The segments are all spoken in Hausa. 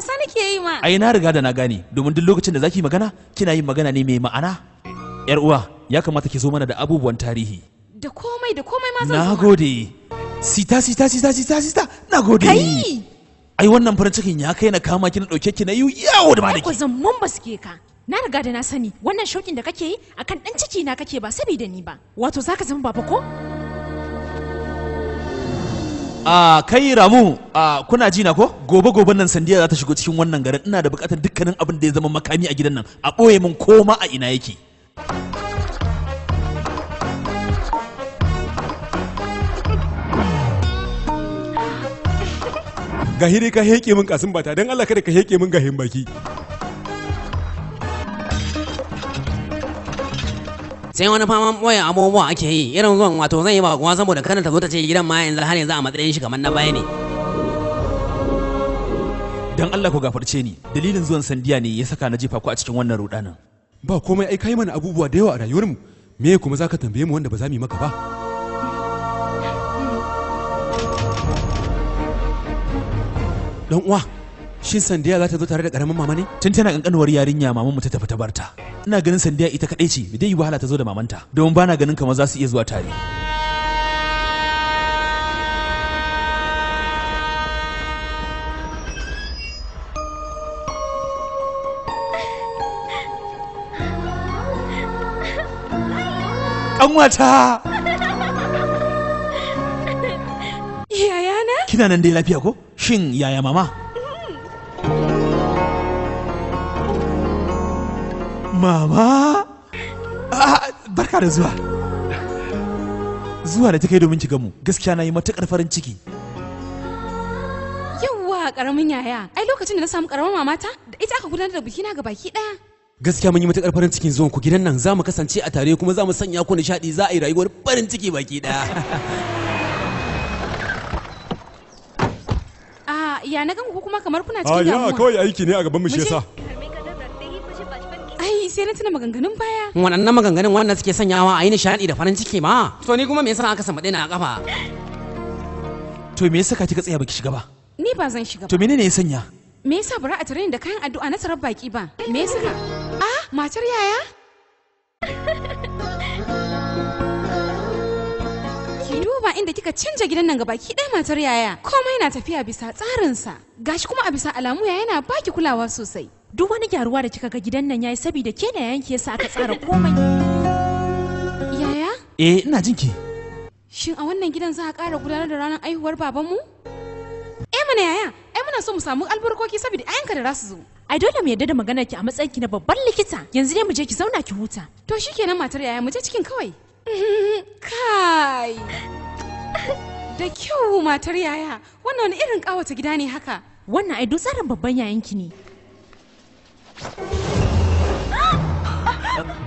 wasa nake yi ma ai na riga da na gane domin duk lokacin da zaki magana kina yin magana ne mai ma'ana yar uwa ya kamata ki zo mana da abubuwan tarihi da komai da komai ma zan zo nagode sita sita sita sita sita nagode kai ai wannan farin cikin ya kai na kama ki na dauke ki na yi yawo da malaki ai ko ba baske ka na riga da na sani wannan shaukin da kake yi akan dan ciki na kake ba saboda ni ba wato zaka zama baba ko a kai ramu a kuna ji na ko gobe goben nan sandiya za ta shigo cikin wannan garin ina da bukatar dukkanin abin da ya zama makami a gidan nan a boye min koma a ina yake gahiri ka heke min kasin bata don allah kada ka heke min gahin baki sai wani faman waya abubuwa ake yi irin zuwan wato zan yi bakuwa saboda kada ta zo ta ce gidan ma yanzu har yanzu a matsayin shi kamar na baya ne dan Allah ku gafarce ni dalilin zuwan sandiya ne ya saka na jefa ku a cikin wannan rudanin ba komai ai kai mana abubuwa da yawa a rayuwarmu me kuma zaka tambaye mu wanda ba za mu yi maka ba dan uwa shin sandiya za ta zo tare da karamin mama ne tun tana kankanuwar yarinya maman mu ta tafi ta barta ina ganin sandiya ita kadai ce bai yi wahala ta zo da mamanta domin bana ganin kamar za su iya zuwa tare Kanwata! Yayana? Kina nan dai lafiya ko? Shin yaya mama? Mama! Ah, barka da zuwa! Zuwa da ta kai domin ki gamu, gaskiya na yi matuƙar farin ciki. Yawwa ƙaramin yaya, ai lokacin da na samu ƙaramin mamata, da ita aka gudanar da bikina ga baki ɗaya. Gaskiya mun yi matuƙar farin cikin zuwan ku gidan nan za mu kasance a tare kuma za mu sanya ku nishaɗi za a yi rayuwar farin ciki baki ɗaya. Ah, ya na gan ku kuma kamar kuna cikin ah, damuwa. A ya kawai aiki ne a gaban mu shi yasa. ai sai na tuna maganganun baya waɗannan maganganun wannan suke sanyawa a yi nishaɗi da farin ciki ma to ni kuma me yasa aka samu na a kafa to me yasa ka kika tsaya baki shiga ba ni ba zan shiga ba to menene ya sanya me yasa bara a tare da kayan addu'a na tarar baki ba me yasa ah matar yaya ba inda kika canja gidan nan ki ɗaya matar yaya komai na tafiya bisa tsarinsa gashi kuma a bisa alamu yaya yana baki kulawa sosai duk wani gyaruwa da kika ga gidan nan yayi saboda ke na yanke yasa aka tsara komai yaya eh ina jin ki shin a wannan gidan za a ƙara gudanar da ranar aihuwar babanmu eh mana yaya ai muna so mu samu albarkoki saboda ayanka da rasu zo ai dole mu yadda da maganar ki a matsayin ki na babban likita yanzu ne mu je ki zauna ki huta to shikenan matar yaya mu je cikin kawai kai da kyau matar yaya wannan wani irin kawata gida ne haka wannan ai tsarin babban yayanki ne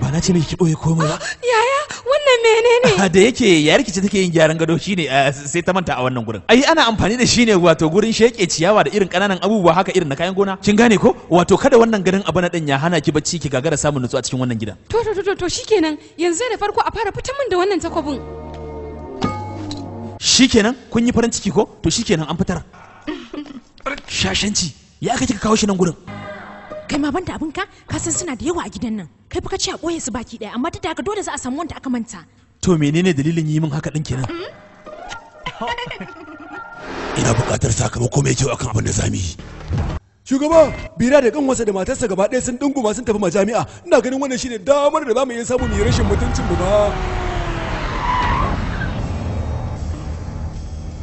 ba na ce miki ki boye komai ba ah, yaya wannan menene da yake yayar ce take yin gyaran gado shine eh, sai ta manta a wannan gurin ai ana amfani da shine wato gurin sheke ciyawa da irin kananan abubuwa haka irin na kayan gona kin gane ko wato kada wannan garin abu na din ya hana ki bacci ki gagara samun nutsuwa a cikin wannan gidan to to to to shikenan yanzu da farko a fara fitan min da wannan takwabin shikenan kun yi farin ciki ko to shikenan an fitar shashanci ya aka kika kawo shi nan gurin kai ma banda abinka ka san suna da yawa a gidan nan kai fa ka ce a ɓoye su baki ɗaya amma ta ka dole za a samu wanda aka manta to menene dalilin yi min haka din kenan mm-hmm. ina buƙatar sakamako mai kyau akan abin da zamu yi shugaba bira da kanwarsa da matarsa gaba ɗaya sun dinguma sun tafi majami'a ina ganin wannan shine damar da zamu iya samu mu rashin mutuncin mu ba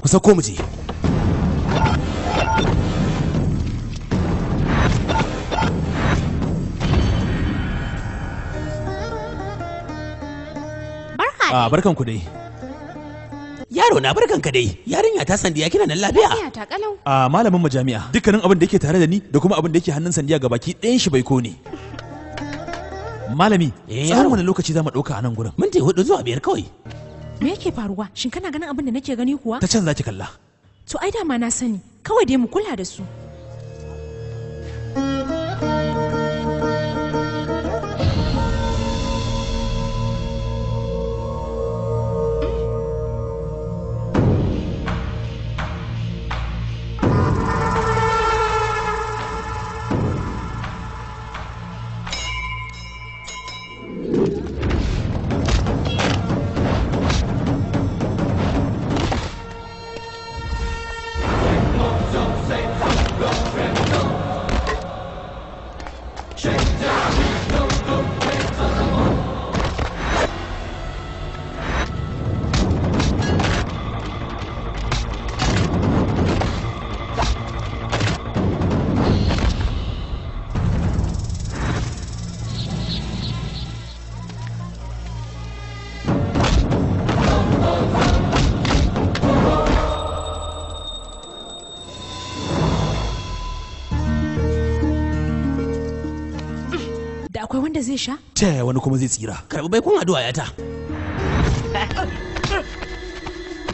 ku sauko mu je A ah, barkan ku dai. Yaro na barkan ka dai. Yarinya ta sandiya kina nan lafiya. Lafiya ta kalau. A ah, malamin mu jami'a. Dukkanin abin da yake tare da ni da kuma abin da yake hannun sandiya ga baki ɗayan shi bai ko Malami, eh, tsawon wani lokaci za mu ɗauka a nan gurin? Minti hudu zuwa biyar kawai. me yake faruwa shin kana ganin abin da nake gani kuwa ta can za ki kalla to ai dama na sani kawai dai mu kula da su da zai sha ta yaya wani kuma zai tsira karɓi kun addu'a ya ta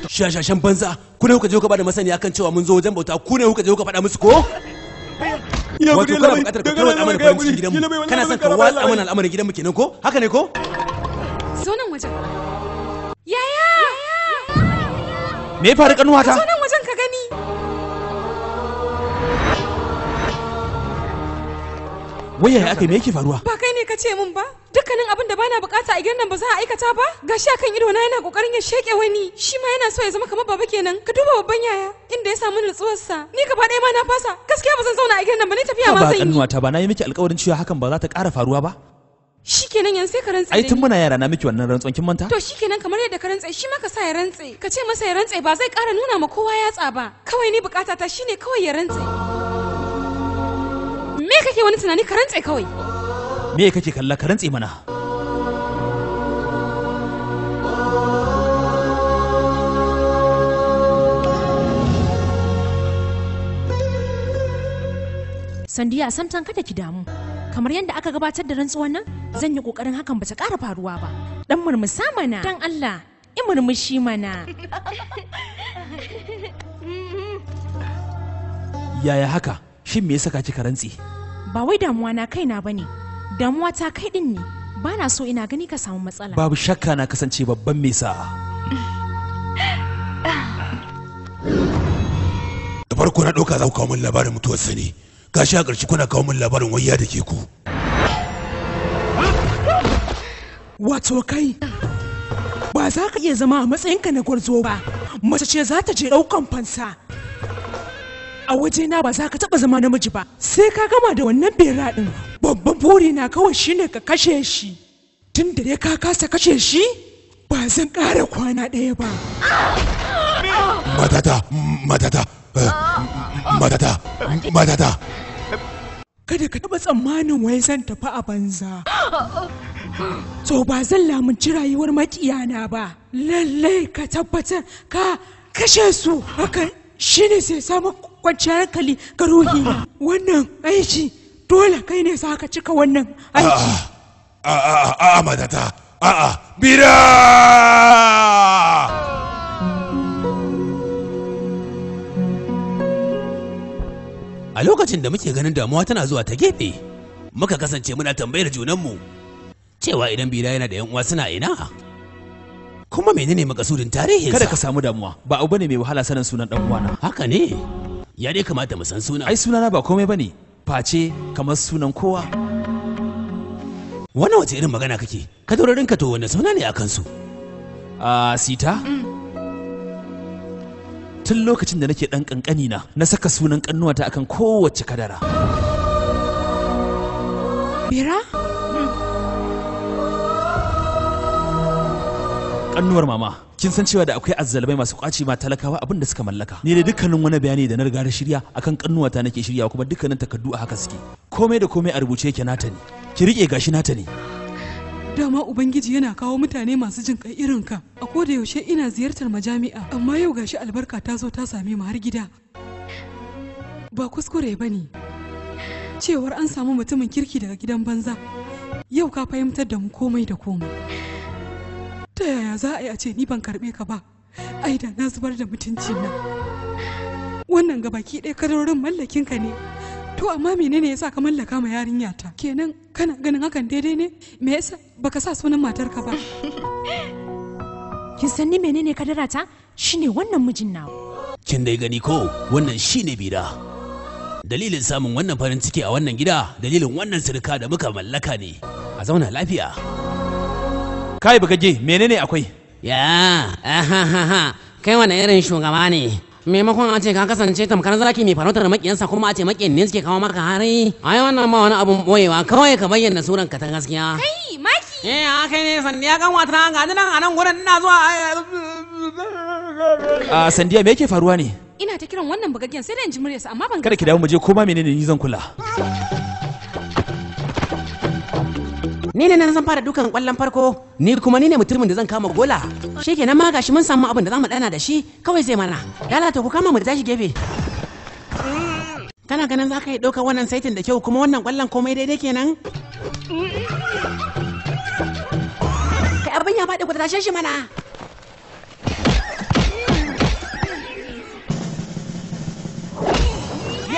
shashashen banza ku ne kuka je kuka bada masaniya kan cewa mun zo wajen bauta ku ne kuka je kuka faɗa musu ko wato kana buƙatar ka kawo al'amarin farin cikin gidanmu kana son ka watsa mana al'amarin gidanmu kenan ko haka ne ko zo nan wajen yaya me ya faru kanuwata wai ya aka me yake faruwa ba kai ne ka ce min ba dukkanin abin da bana bukata a gidan ba za a aikata ba gashi akan ido na yana kokarin ya sheke wani shi ma yana so ya zama kamar baba kenan ka duba babban yaya inda ya samu nutsuwar sa ni gaba ɗaya ma na fasa gaskiya ba zan zauna a gidan ba ni tafiya ma sai yi ba ta ba na yi miki alƙawarin cewa hakan ba za ta ƙara faruwa ba shikenan yanzu sai ka rantse ai tun muna yara na miki wannan rantsuwan kin manta to shikenan kamar yadda ka rantse shi ma ka sa ya rantse ka ce masa ya rantse ba zai ƙara nuna ma kowa yatsa ba kawai ni bukata ta shine kawai ya rantse kake wani tunani ka rantse kawai me kake kalla ka rantse mana sandiya santan kada ki damu kamar yadda aka gabatar da rantsuwar nan zan yi kokarin hakan ba ta kara faruwa ba dan murmusa mana dan Allah i murmushi mana yaya haka shin me ya saka ci karantsi. ba wai damuwa na kaina bane damuwa ta kai din ne ba na so ina gani ka samu matsala babu shakka na kasance babban mai sa'a da farko na ɗauka za ku kawo min labarin mutuwar sani gashi a ƙarshe kuna kawo min labarin wayya da ke ku wato kai ba za ka iya zama a matsayinka na gwarzo ba mace ce za ta je ɗaukan fansa a wajena ba za ka taba zama namiji ba sai ka gama da wannan bera din babban buri na kawai shine ka kashe shi tun da ka kasa kashe shi ba zan ƙara kwana ɗaya ba matata matata eh, matata matata kada ka taba tsammanin wai zan tafi a banza to ba zan lamunci rayuwar makiyana ba lallai ka tabbatar ka kashe su hakan shine sai samun kwanciyar hankali ga ruhina wannan aiki dole kai ne za ka cika wannan aiki a ah, ah, ah, madata a bira a lokacin da muke ganin damuwa tana zuwa ta gefe muka kasance muna tambayar junanmu cewa idan bira yana da yan uwa suna ina kuma menene makasudin tarihinsa kada ka samu damuwa ba abu bane mai wahala sanin sunan dan uwana haka ne ya dai kamata mu san suna ai sunana ba komai bane face kamar sunan kowa wannan wace irin magana kake ka ka to wanne suna ne a kansu a sita tun lokacin da nake dan kankani na na saka sunan kannuwata akan kowace kadara bira kannuwar mama kin san cewa da akwai azzalmai masu kwaci ma talakawa abin da suka mallaka ni da dukkanin wani bayani da na riga da shirya akan kannuwata nake shirya kuma dukkanin takardu a haka suke komai da komai a rubuce yake nata ne ki rike gashi nata ne dama ubangiji yana kawo mutane masu jin kai irin ka a koda yaushe ina ziyartar majami'a amma yau gashi albarka ta zo ta same mu har gida ba kuskure ba ne. cewar an samu mutumin kirki daga gidan banza yau ka fahimtar da mu komai da komai ta yaya za a yi a ce ni ban karɓe ka ba ai na zubar da mutunci na wannan gabaki ɗaya kadarorin mallakin ka ne to amma menene yasa ka mallaka ma yarinya ta kenan kana ganin hakan daidai ne me yasa baka sa sunan matar ka ba kin san ni menene kadara ta shine wannan mijin nawa kin dai gani ko wannan shine bida dalilin samun wannan farin ciki a wannan gida dalilin wannan sirka da muka mallaka ne a zauna lafiya kai buga je menene akwai ya ahahaha kai wani irin shugaba ne maimakon a ce ka kasance tamkar zaki mai farautar makiyansa kuma a ce makiyan ne suke kawo maka hari ai wannan ma wani abun boyewa kawai ka bayyana suran ka ta gaskiya kai maki eh haka ne sandiya kan wata ga nan a nan gurin ina zuwa a sandiya me yake faruwa ne ina ta kiran wannan bugaggen sai da in ji muryarsa amma ban kada ki dawo mu je koma menene ni zan kula ni ne nan zan fara dukan kwallon farko ni kuma ni ne mutumin da zan kama gola shikenan ma gashi mun samu abin da zamu dana da shi kawai zai mana lalata ku kama mu da tashi gefe kana ganin za ka yi ɗaukar wannan saitin da kyau kuma wannan kwallon komai daidai kenan kai abin ya faɗi ku tashe shi mana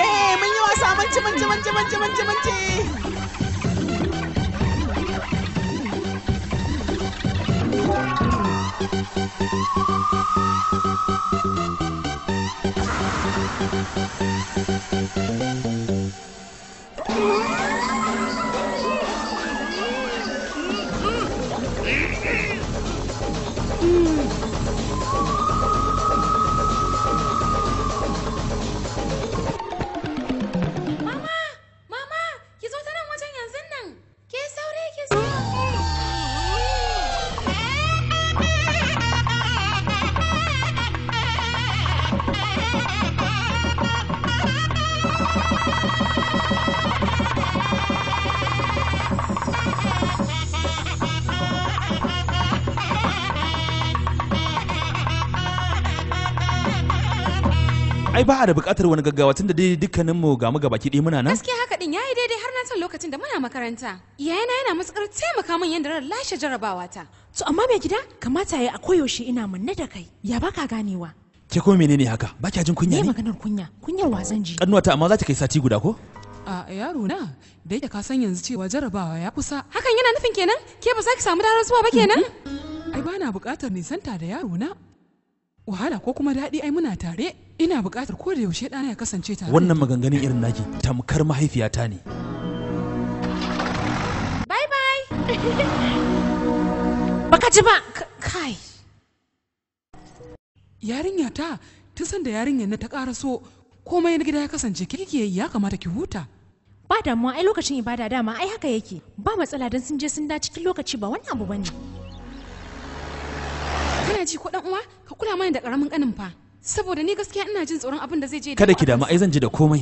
ye mun yi wasa mun ci mun ci mun ci mun ci mun ci Thank you. ai ba a da bukatar wani gaggawa tunda dai dukkanin mu ga mu baki ɗaya muna nan gaskiya haka din yayi daidai har na san lokacin da muna makaranta iyayena yana matukar taimaka min yadda ran lashe jarabawa ta to amma mai gida kamata yayi a koyaushe ina manne da kai ya baka ganewa ke ko menene haka ba kya jin kunya ne maganar kunya kunyar wazan ji kannuwata amma za ta kai sati guda ko a yaro na da yake ka san yanzu cewa jarabawa ya kusa hakan yana nufin kenan ke ba za ki samu darar zuwa ba kenan mm-hmm. ai bana bukatar nisanta da yaro na wahala ko kuma daɗi ai muna tare ina buƙatar ko da yaushe ɗana ya kasance tare wannan maganganun irin naki tamkar mahaifiyata ne bye bye baka ji ba kai yarinya ta tun san da yarinyar na ta ƙara so komai na gida ya kasance kike ya kamata ki huta ba damuwa ai lokacin ibada dama ai haka yake ba matsala don sun je sun da cikin lokaci ba wani abu bane kana ji ko dan uwa ka kula mana da karamin kanin fa saboda ni gaskiya ina jin tsoron abin da zai je kada ki damu ai zan ji da komai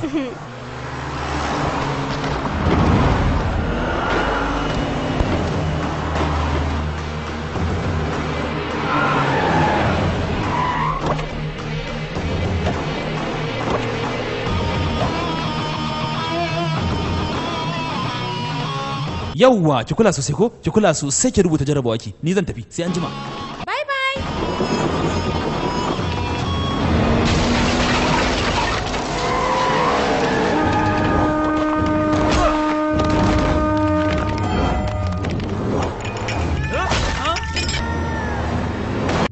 yawwa ki kula sosai ko ki kula sosai ki rubuta jarabawa ki ni zan tafi sai an jima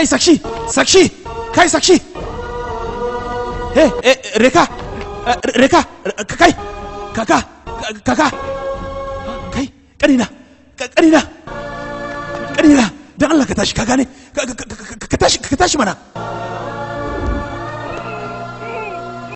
kai sakshi sakshi kai sakshi eh eh reka reka kai kaka kaka kai dan Allah ka tashi ka gane ka ka tashi mana